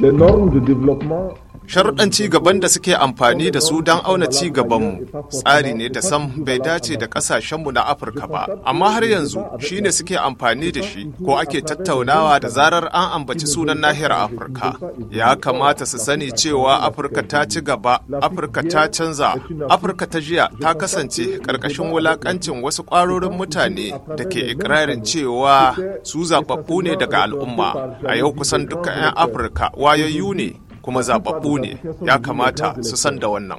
les normes de développement sharuɗan ci gaban da suke amfani da su don auna ci gabanmu tsari ne da sam bai dace da ƙasashenmu na afirka ba amma har yanzu shi ne suke amfani da shi ko ake tattaunawa da zarar an ambaci sunan nahiyar afirka ya kamata su sani cewa afirka ta ci gaba afirka ta canza afirka ta jiya ta kasance ƙarƙashin wulaƙancin wasu ƙwarorin mutane da ke ikirarin cewa su zaɓaɓɓu ne daga al'umma a yau kusan dukkan 'yan afirka wayoyi ne kuma zababbu ne ya kamata su san da wannan.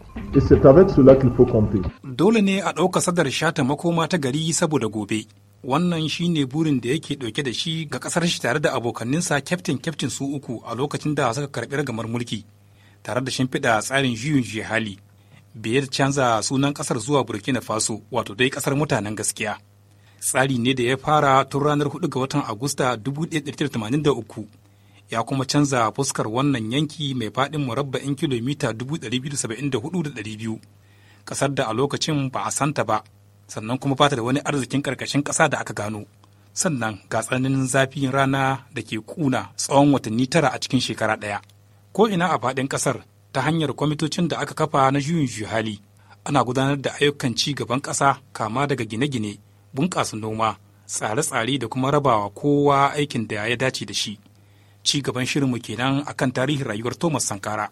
Dole ne a ɗauka sadar shata makoma ta gari saboda gobe. Wannan shi ne burin da yake ɗauke da shi ga ƙasar shi tare da abokaninsa kyaftin kyaftin su uku a lokacin da suka karɓi ragamar mulki tare da shimfiɗa tsarin juyin jihali biye da canza sunan ƙasar zuwa Burkina Faso wato dai ƙasar mutanen gaskiya. Tsari ne da ya fara tun ranar 4 ga watan Agusta 1983 ya kuma canza fuskar wannan yanki mai faɗin murabba'in kilomita 274,200 ƙasar da a lokacin ba a santa ba sannan kuma bata da wani arzikin ƙarƙashin ƙasa da aka gano sannan ga tsananin zafin rana da ke kuna tsawon watanni tara a cikin shekara ɗaya ko ina a faɗin ƙasar ta hanyar kwamitocin da aka kafa na juyin hali ana gudanar da ayyukan ci gaban ƙasa kama daga gine-gine bunƙasa noma tsare-tsare da kuma rabawa kowa aikin da ya dace da shi ci gaban shirin shirinmu kenan akan tarihin rayuwar Thomas Sankara.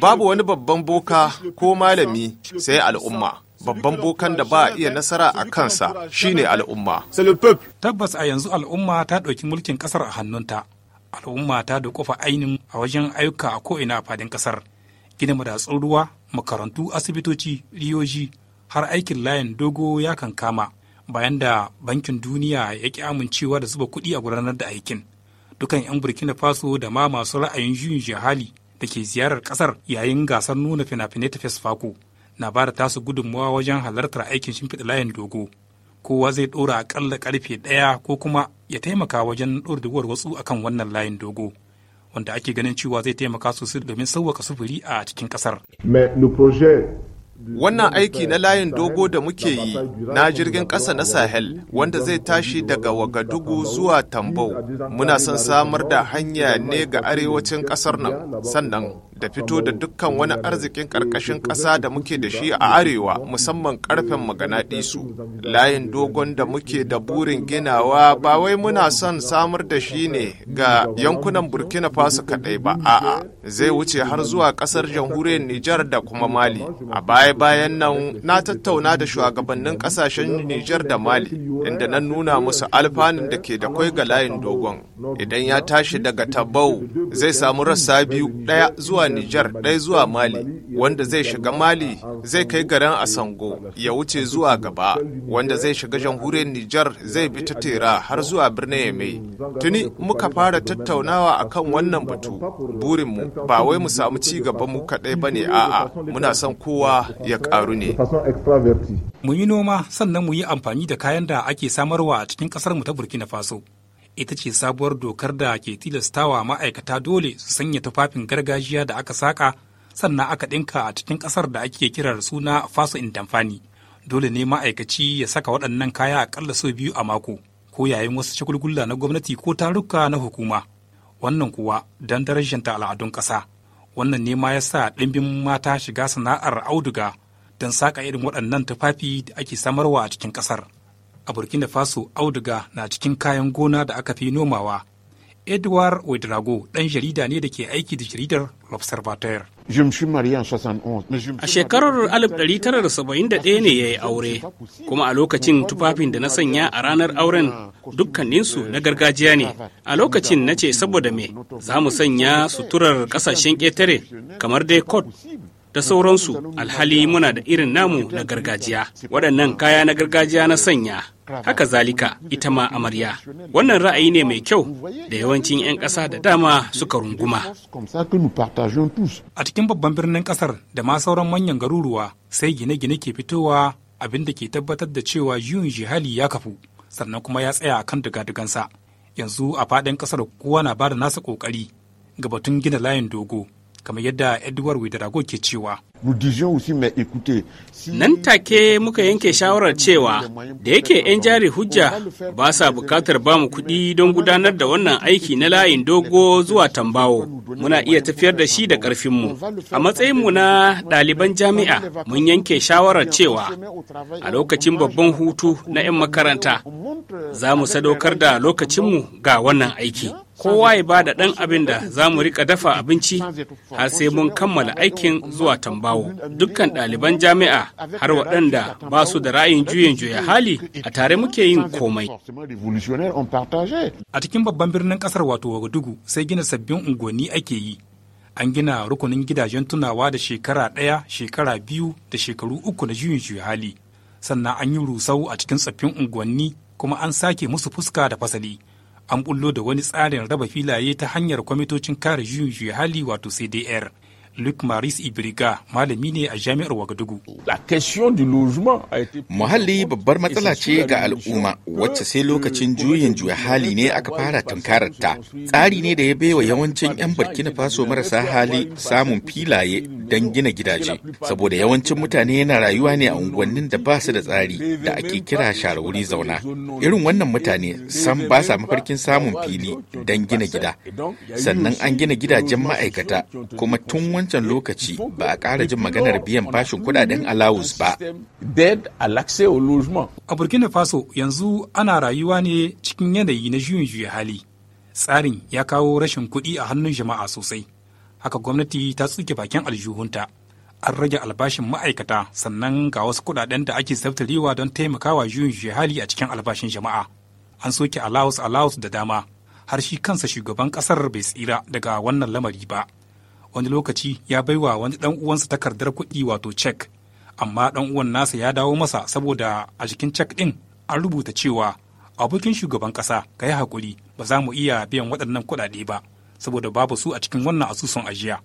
Babu wani babban boka ko malami sai al'umma. Babban bokan da ba a iya nasara a kansa shine al'umma. Tabbas a yanzu al'umma ta ɗauki mulkin ƙasar a hannunta. Al'umma ta da kofa ainin a wajen ayyuka a ko'ina a fadin ƙasar. Gina madatsun ruwa, makarantu, asibitoci, riyoji, har aikin layin dogo ya kan kama bayan da bankin duniya ya ƙi amincewa da zuba kuɗi a gudanar da aikin. dukan 'yan burkina faso da ma masu ra'ayin juyin jihali da ke ziyarar kasar yayin gasar nuna fina-finai ta fesfako na ba da tasu gudunmawa wajen halartar aikin shimfiɗa layin dogo kowa zai ɗora aƙalla ƙarfe ɗaya ko kuma ya taimaka wajen ɗora duguwar wasu akan wannan layin dogo wanda ake ganin cewa zai taimaka sosai domin sauwaka sufuri a cikin ƙasar. Mais le projet Wannan aiki na layin dogo da muke yi na jirgin ƙasa na Sahel wanda zai tashi daga Wagadugu zuwa Tambo Muna son samar da hanya ne ga arewacin ƙasar nan, sannan da fito da dukkan wani arzikin ƙarƙashin ƙasa da muke da shi a arewa musamman ƙarfen maganaɗisu layin dogon da muke da burin ginawa ba wai muna son samar da shi ne ga yankunan burkina faso kaɗai ba a'a zai wuce har zuwa ƙasar jamhuriyar nijar da kuma mali a baya bayan nan na tattauna da shugabannin ƙasashen nijar da mali inda na nuna musu alfanun da ke da kwai ga layin dogon idan ya tashi daga tabau zai samu rassa biyu ɗaya zuwa Nijar ɗaya zuwa Mali, wanda zai shiga Mali zai kai garin Asango ya wuce zuwa gaba, wanda zai shiga jamhuriyar Nijar zai bi ta tera har zuwa birnin Yamai. Tuni muka fara tattaunawa akan wannan batu, burinmu ba wai mu samu ci gaba mu kaɗai ba ne a'a, muna son kowa ya ƙaru ne. Mu yi noma sannan mu yi amfani da kayan da ake samarwa a cikin ƙasarmu ta Burkina Faso. ita ce sabuwar dokar da ke tilastawa ma'aikata dole su sanya tufafin gargajiya da aka saka sannan aka ɗinka a cikin ƙasar da ake kirar suna faso intamfani dole ne ma'aikaci ya saka waɗannan kaya aƙalla sau biyu a mako ko yayin wasu shagulgulla na gwamnati ko taruka na hukuma wannan kuwa don ta al'adun ƙasa wannan ne ma ya sa ɗimbin mata shiga sana'ar auduga don saka irin waɗannan tufafi da ake samarwa a cikin ƙasar a burkina faso auduga na cikin kayan gona da aka fi nomawa edward wedrago ɗan jarida ne da ke aiki da jaridar l'observateur A shekarar 1971 ne ya yi aure, kuma a lokacin tufafin da na sanya a ranar auren dukkaninsu na gargajiya ne. A lokacin na ce saboda me za mu sanya suturar kasashen ƙetare kamar dai kot da sauransu alhali muna da irin namu na gargajiya. Waɗannan kaya na gargajiya na sanya. haka zalika ita ma amarya wannan ra'ayi ne mai kyau da yawancin 'yan ƙasa da dama suka runguma a cikin babban birnin ƙasar da ma sauran manyan garuruwa sai gine-gine ke fitowa abin da ke tabbatar da cewa yun jihali ya kafu sannan kuma ya tsaya kan dugadugansa yanzu a faɗin ƙasar kowa na ba da nasa ƙoƙari ga batun gina layin dogo kamar yadda edward widrago ke cewa nan take muka yanke shawarar cewa da yake 'yan jari hujja ba sa bukatar ba mu kuɗi don gudanar da wannan aiki na layin dogo zuwa tambawo muna iya tafiyar da shi da ƙarfinmu a matsayinmu na ɗaliban jami'a mun yanke shawarar cewa a lokacin babban hutu na 'yan makaranta za mu sadaukar da lokacinmu ga wannan aiki kowa ya ba da ɗan abin da za mu rika dafa abinci har sai mun kammala aikin zuwa tambawo dukkan ɗaliban jami'a har waɗanda ba su da ra'ayin juyin juya hali a tare muke yin komai a cikin babban birnin ƙasar wato wagadugu sai gina sabbin unguwanni ake yi an gina rukunin gidajen tunawa da shekara ɗaya shekara biyu da shekaru uku na juyin juya hali sannan an yi rusau a cikin tsaffin unguwanni kuma an sake musu fuska da fasali an bullo da wani tsarin raba filaye ta hanyar kwamitocin kare juyin hali wato cdr Luc Maris Ibriga malami ne a jami'ar Wagadugu. Muhalli babbar matsala ce ga al'umma wacce sai lokacin juyin juya hali ne aka fara tunkararta. ta. Tsari ne da ya baiwa yawancin 'yan Burkina Faso marasa hali samun filaye don gina gidaje. Saboda yawancin mutane yana rayuwa ne a unguwannin da ba su da tsari da ake kira share wuri zauna. Irin wannan mutane san ba sa mafarkin samun fili don gina gida. Sannan an gina gidajen ma'aikata kuma tun wancan lokaci ba a ƙara jin maganar biyan fashin kudaden alawus ba. A Burkina Faso yanzu ana rayuwa ne cikin yanayi na juyin juya hali. Tsarin ya kawo rashin kuɗi a hannun jama'a sosai. Haka gwamnati ta tsuke bakin aljuhunta. An rage albashin ma'aikata sannan ga wasu kuɗaɗen da ake zabtarewa don taimakawa juyin juya hali a cikin albashin jama'a. An soke alawus alawus da dama. Har shi kansa shugaban ƙasar bai tsira daga wannan lamari ba. wani lokaci ya baiwa wani ɗan uwansa takardar kuɗi wato cek amma ɗan uwan nasa ya dawo masa saboda a jikin cek ɗin an rubuta cewa abokin shugaban ƙasa ka yi haƙuri ba za mu iya biyan waɗannan kuɗaɗe ba saboda babu su a cikin wannan asusun ajiya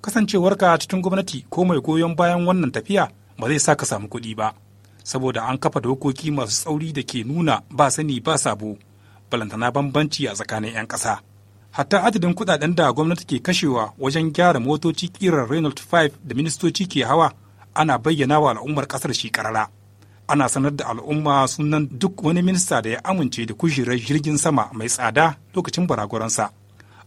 kasancewarka cikin gwamnati ko mai goyon bayan wannan tafiya ba zai sa ka samu kuɗi ba saboda an kafa dokoki masu tsauri da ke nuna ba sani ba sabo balantana bambanci a tsakanin 'yan ƙasa. hatta adadin kudaden da gwamnati ke kashewa wajen gyara motoci kirar renault 5 da ministoci ke hawa ana bayyana wa al'ummar kasar shi karara ana sanar da al'umma sunan duk wani minista da ya amince da kujerar jirgin sama mai tsada lokacin baragoransa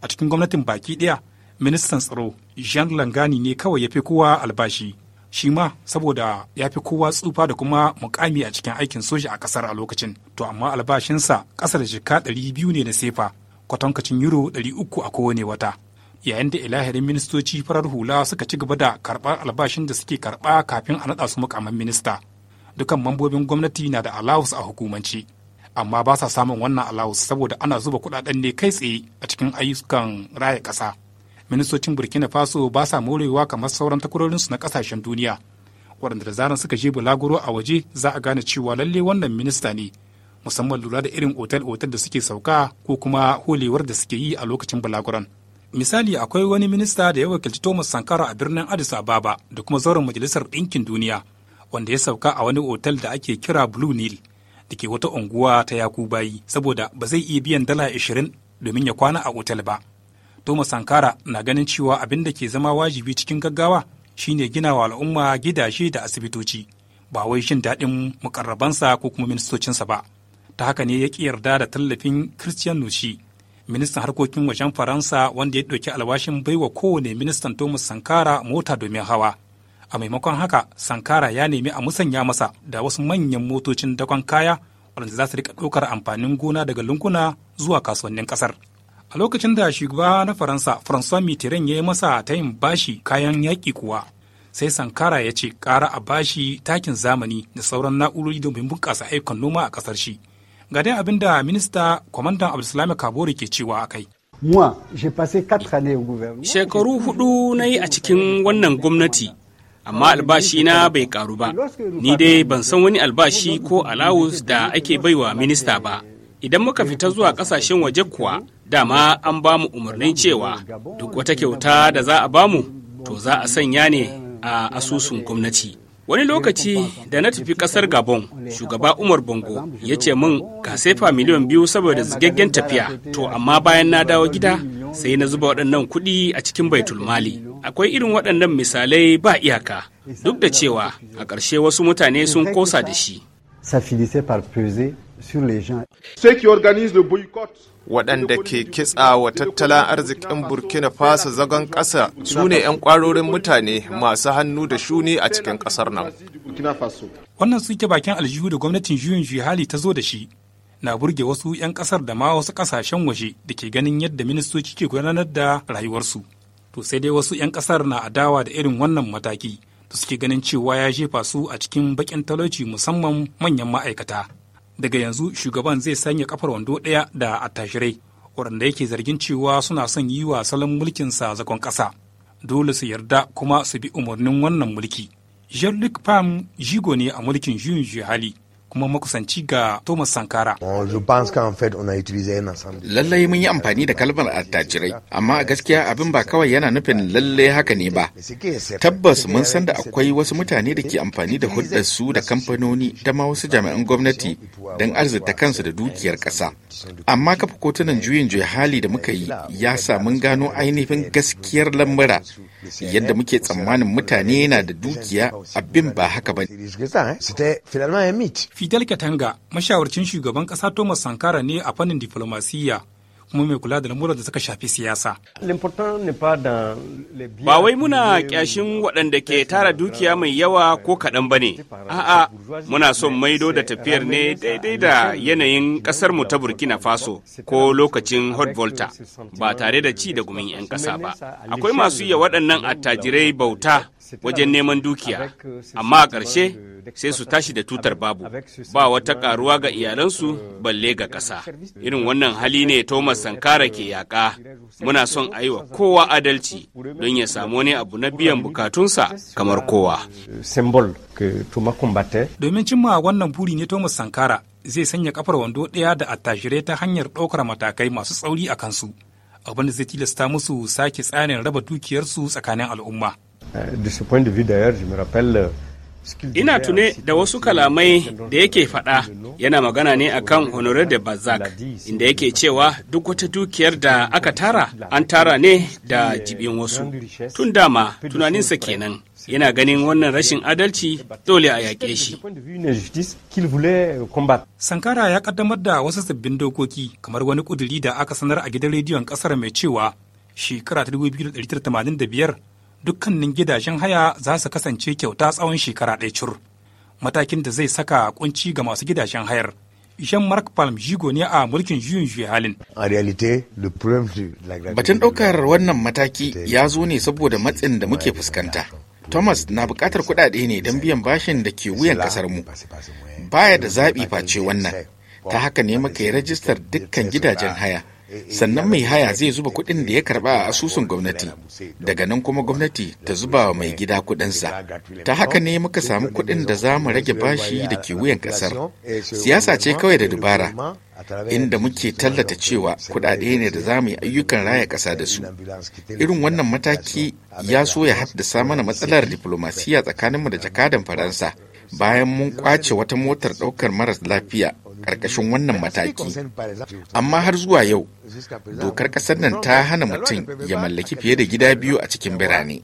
a cikin gwamnatin baki ɗaya ministan tsaro jean langani ne kawai ya fi kowa albashi shi ma saboda ya fi kowa tsufa da kuma mukami a cikin aikin soja a kasar a lokacin to amma albashinsa ƙasa da jika ɗari biyu ne na sefa kwatankacin euro 300 a kowane wata yayin da ilahirin ministoci farar hula suka ci gaba da karɓar albashin da suke karɓa kafin a naɗa su mukamman minista dukan mambobin gwamnati na da alawus a hukumance amma ba sa samun wannan alawus saboda ana zuba kuɗaɗen ne kai tsaye a cikin ayyukan raya ƙasa ministocin burkina faso ba sa morewa kamar sauran takwarorinsu na ƙasashen duniya waɗanda da zaran suka je bulaguro a waje za a gane cewa lalle wannan minista ne musamman lura da irin otal-otal da suke sauka ko kuma holewar da suke yi a lokacin balaguran. Misali akwai wani minista da ya wakilci Thomas Sankara a birnin Addis Ababa da kuma zauren Majalisar Ɗinkin Duniya wanda ya sauka a wani otal da ake kira Blue Nile da ke wata unguwa ta Yakubayi saboda ba zai iya biyan dala ashirin domin ya kwana a otal ba. Thomas Sankara na ganin cewa abin da ke zama wajibi cikin gaggawa shine gina wa al'umma gidaje da asibitoci ba wai shin daɗin mukarrabansa ko kuma ministocinsa ba. ta haka ne ya ƙi yarda da tallafin christian nushi ministan harkokin wajen faransa wanda ya ɗauki alwashin baiwa kowane ministan thomas sankara mota domin hawa a maimakon haka sankara ya nemi a musanya masa da wasu manyan motocin dakon kaya waɗanda za su riƙa ɗaukar amfanin gona daga lunguna zuwa kasuwannin ƙasar a lokacin da shugaba na faransa François mitterrand ya yi masa ta yin bashi kayan yaƙi kuwa sai sankara ya ce ƙara a bashi takin zamani da sauran na'urori domin bunƙasa ayyukan noma a ƙasar shi ga dai abin da minista kwamandan abdulsalami kabori ke cewa a kai shekaru hudu na yi a cikin wannan gwamnati amma albashi na bai karu ba ni dai ban san wani albashi ko alawus da ake baiwa minista ba idan muka fita zuwa kasashen waje kuwa dama an ba mu umarnin cewa duk wata kyauta da za a ba mu to za a sanya ne a asusun gwamnati wani lokaci da na tafi kasar gabon shugaba umar bongo ya ce min ka sefa miliyan biyu saboda zigaggen tafiya to amma bayan na dawo gida sai na zuba waɗannan kuɗi a cikin baitul mali akwai irin waɗannan misalai ba iyaka duk da cewa a ƙarshe wasu mutane sun kosa da shi le waɗanda ke kitsa wa tattalin arzikin burkina faso zagon ƙasa su ne 'yan ƙwarorin mutane masu hannu da shuni a cikin ƙasar nan wannan suke bakin aljihu da gwamnatin juyin juhali ta zo da shi na burge wasu 'yan ƙasar da ma wasu ƙasashen waje da ke ganin yadda ministoci ke gudanar da rayuwarsu to sai dai wasu 'yan ƙasar na adawa da irin wannan mataki da suke ganin cewa ya jefa su a cikin baƙin talauci musamman manyan ma'aikata daga yanzu shugaban zai sanya kafar wando ɗaya da attashirai waɗanda yake zargin cewa suna son yi wa salon mulkinsa zagon ƙasa dole su yarda kuma su bi umarnin wannan mulki jean-luc pam jigo ne a mulkin juyin hali kuma makusanci ga Thomas Sankara. Lallai mun yi amfani da kalmar attajirai, amma a gaskiya abin ba kawai yana nufin lallai haka ne ba. Tabbas mun san da akwai wasu mutane da ke amfani da hudarsu da kamfanoni ta ma wasu jami'an gwamnati don arzita kansu da dukiyar ƙasa. Amma kafa kotunan juyin juya hali da muka yi ya sa mun gano ainihin gaskiyar lamura yadda muke tsammanin mutane na da dukiya abin ba haka ba. Fidel Katanga mashawarcin shugaban ƙasa Thomas Sankara ne a fannin diflomasiyya kuma mai kula da lamuran da suka shafi siyasa. Ba wai muna kyashin waɗanda ke tara dukiya mai yawa ko kaɗan ba ne, a'a muna son maido da tafiyar ne daidai da yanayin ƙasarmu ta Burkina Faso ko lokacin hot volta ba tare da ci da gumin 'yan ƙasa ba. Akwai masu iya waɗannan attajirai bauta wajen neman dukiya euh, amma a ƙarshe sai su tashi da tutar babu ba wata ƙaruwa ga iyalansu euh, balle ga ƙasa irin wannan hali ne thomas euh, sankara ke yaƙa muna son a yi wa kowa adalci don ya samu wani abu na biyan bukatunsa kamar kowa domin cimma wannan buri ne thomas sankara zai sanya kafar wando ɗaya da attajirai ta hanyar ɗaukar matakai masu tsauri a kansu abin da zai tilasta musu sake tsarin raba dukiyarsu tsakanin al'umma Eh, euh, Ina tune da wasu kalamai da yake faɗa yana magana ne akan Honoré da bazak inda yake cewa duk wata dukiyar da aka tara an tara ne da jibin wasu. Tun dama tunaninsa kenan yana ganin wannan rashin adalci dole a yaƙe shi. Euh, Sankara ya kaddamar da wasu sabbin dokoki kamar wani kuduri da aka sanar a gidan rediyon ƙasar mai cewa shekara dukkanin gidajen haya za su kasance kyauta tsawon shekara ɗaya cur matakin da zai saka kunci ga masu gidajen hayar jean mark Palm jigo ne a mulkin juyin juya halin. Batun ɗaukar wannan mataki ya zo ne saboda matsin da muke fuskanta. Thomas na buƙatar kuɗaɗe ne don biyan bashin da ke wuyan ƙasar mu Baya da zaɓi face wannan, ta haka ne muka yi rajistar dukkan gidajen haya. sannan mai haya zai zuba kuɗin da ya karba a asusun gwamnati daga nan kuma gwamnati ta zuba wa mai gida kuɗinsa ta haka ne muka samu kuɗin da za mu rage bashi da ke wuyan ƙasar siyasa ce kawai da dubara inda muke tallata cewa kudade ne da za mu yi ayyukan raya ƙasa da su irin wannan mataki ya so ya haddasa mana matsalar diplomasiya tsakaninmu da jakadan faransa bayan mun kwace wata motar ɗaukar maras lafiya ƙarƙashin wannan mataki amma har zuwa yau dokar ƙasar nan ta hana mutum ya mallaki fiye da gida biyu a cikin birane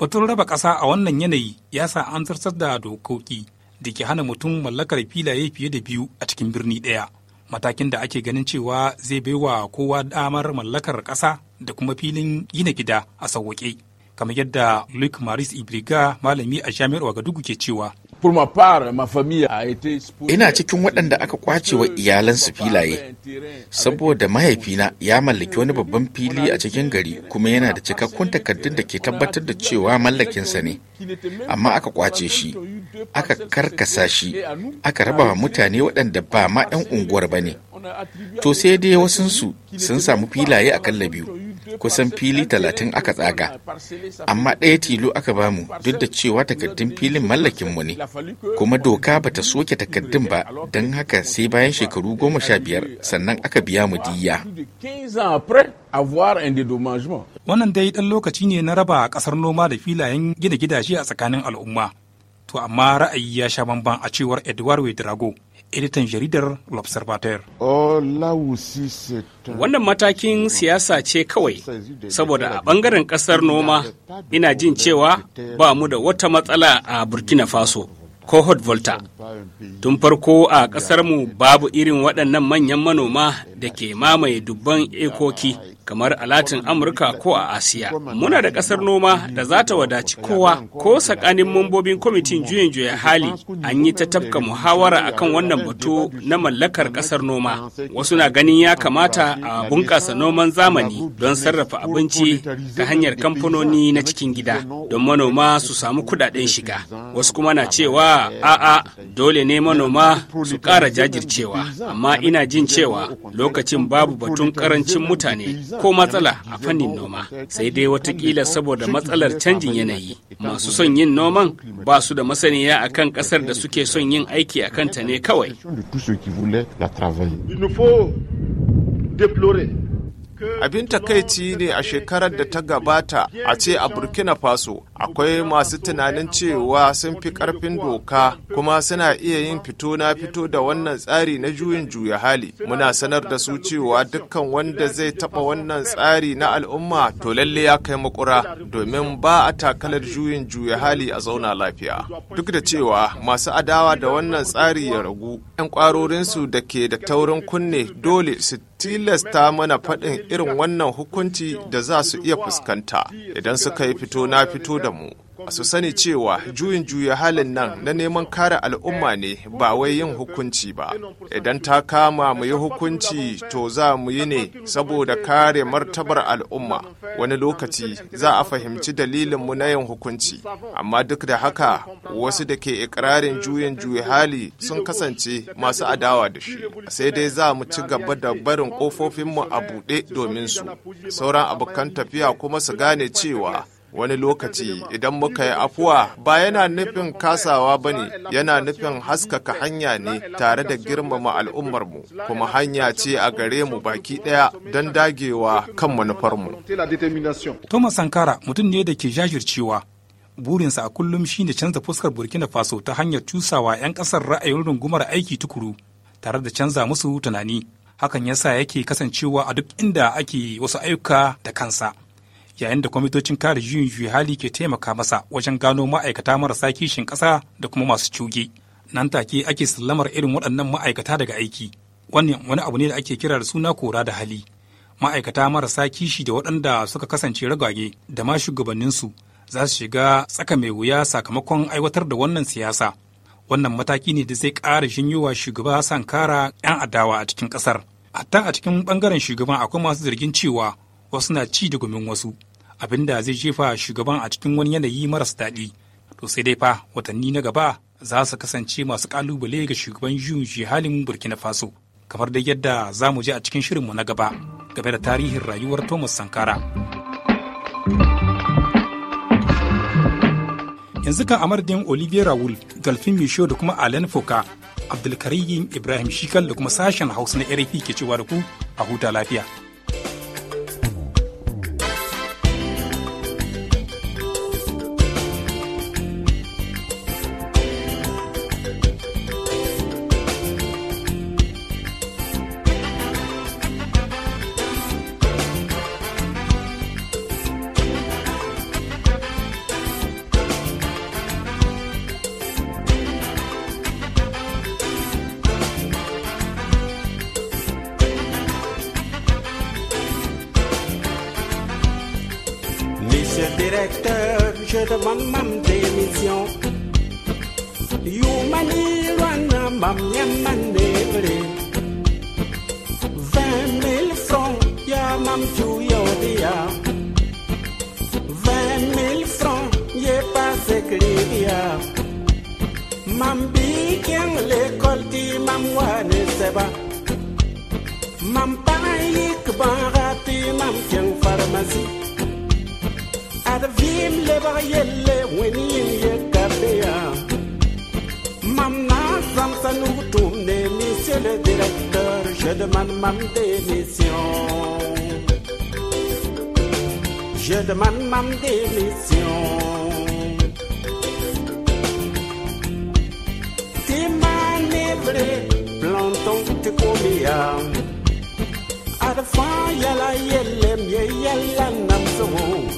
batun raba ƙasa a wannan yanayi ya sa an zartar da dokoki da ke hana mutum mallakar filaye fiye da biyu a cikin birni ɗaya matakin da ake ganin cewa zai baiwa kowa damar mallakar ƙasa da kuma filin gina gida a sauwaƙe kamar yadda Luc Maris Ibriga malami a jami'ar Wagadugu ke cewa. Ina cikin waɗanda aka kwace wa iyalansu filaye, saboda mahaifina ya mallaki wani babban fili a cikin gari kuma yana da cikakkun takardun da ke tabbatar da cewa mallakinsa ne, amma aka kwace shi, aka karkasa shi, aka raba wa mutane waɗanda ba ma 'yan unguwar ba ne. To sai dai wasansu sun samu filaye a kalla biyu. kusan fili talatin aka tsaga amma ɗaya tilo aka bamu duk da cewa takardun filin mallakinmu ne kuma doka ba ta soke takardun ba don haka sai bayan shekaru goma sha biyar sannan aka biya mu diya wannan dai ɗan lokaci ne na raba ƙasar noma da filayen gina gidaje a tsakanin al'umma to amma ra'ayi ya sha bamban a cewar edward wedrago editan jaridar l'observateur oh, wannan matakin siyasa ce kawai saboda a bangaren kasar noma ina jin cewa ba mu da wata matsala a burkina faso ko volta tun farko a ƙasarmu babu irin waɗannan manyan manoma da ke mamaye dubban ekoki kamar a latin amurka ko a asiya muna da ƙasar noma da za ta wadaci kowa ko tsakanin mambobin kwamitin juyin juya hali an yi ta tafka muhawara akan wannan batu na mallakar ƙasar noma wasu na ganin ya kamata a bunƙasa noman zamani don sarrafa abinci ta hanyar kamfanoni na cikin gida don manoma su samu kudaden shiga wasu kuma na cewa a'a dole ne manoma su ƙara jajircewa amma ina jin cewa lokacin babu batun ƙarancin mutane ko matsala a fannin noma sai dai watakila saboda matsalar canjin yanayi masu son yin noman ba su da masaniya a kan ƙasar da suke son yin aiki a kanta ne kawai Abin takaici ne a shekarar da ta gabata a ce a Burkina Faso akwai masu tunanin cewa sun fi karfin doka kuma suna iya yin fito na fito da wannan tsari na juyin juya hali muna sanar da su cewa dukkan wanda zai taba wannan tsari na al'umma to lalle ya kai makura domin ba a takalar juyin juya hali a zauna lafiya duk da cewa masu adawa da wannan tsari ya ragu 'yan kwarorinsu da ke da taurin kunne dole su tilasta mana faɗin irin wannan hukunci da za su iya fuskanta idan suka yi fito na fito da mu su sani cewa juyin juya halin nan na neman kare al'umma ne ba wai yin hukunci ba idan ta kama mu yi hukunci to za mu yi ne saboda kare martabar al'umma wani lokaci za a fahimci dalilin mu na yin hukunci amma duk da haka wasu da ke ikirarin juyin juya hali sun kasance masu adawa da shi sai dai za mu ci gaba da barin kofofinmu a buɗe domin su sauran abokan tafiya kuma su gane cewa wani lokaci idan muka yi afuwa ba yana nufin kasawa ba ne yana nufin haskaka hanya ne tare da girmama al'ummarmu kuma hanya ce a gare mu baki ɗaya don dagewa kan manufarmu. Thomas Sankara mutum ne da ke jajircewa burinsa a kullum shi ne canza fuskar burkina faso ta hanyar cusawa 'yan ƙasar ra'ayin rungumar aiki tukuru tare da canza musu tunani hakan yasa yake kasancewa a duk inda ake wasu ayyuka da kansa yayin da kwamitocin kare juyin juyi hali ke taimaka masa wajen gano ma'aikata marasa kishin ƙasa da kuma masu cuge nan take ake sallamar irin waɗannan ma'aikata daga aiki wannan wani abu ne da ake kira da suna kora da hali ma'aikata marasa kishi da waɗanda suka kasance ragage da ma shugabanninsu za su shiga tsaka mai wuya sakamakon aiwatar da wannan siyasa wannan mataki ne da zai ƙara shinyowa shugaba sankara 'yan adawa a cikin ƙasar hatta a cikin ɓangaren shugaban akwai masu zargin cewa wasu na ci da gumin wasu abin da zai jefa shugaban a cikin wani yanayi maras daɗi to sai dai fa watanni na gaba za su kasance masu kalubale ga shugaban juyin jihalin burkina faso kamar dai yadda za mu je a cikin shirinmu na gaba game da tarihin rayuwar thomas sankara yanzu kan amardin olivier raul dolphin misho da kuma alain foka abdulkarim ibrahim shikal da kuma sashen hausa na rfi ke cewa da ku a huta lafiya Je suis directeur, je demande ma démission. Youmani Mam 20 000 francs, 20 000 francs, y'a pas un Mam l'école dit Mam Wane Seba. Mam pas Barati Mam Kien Pharmacie vim le yelle weni ye nous le directeur je demande ma démission je demande ma démission c'est manœuvré planton te la arfa yala yelle elle namso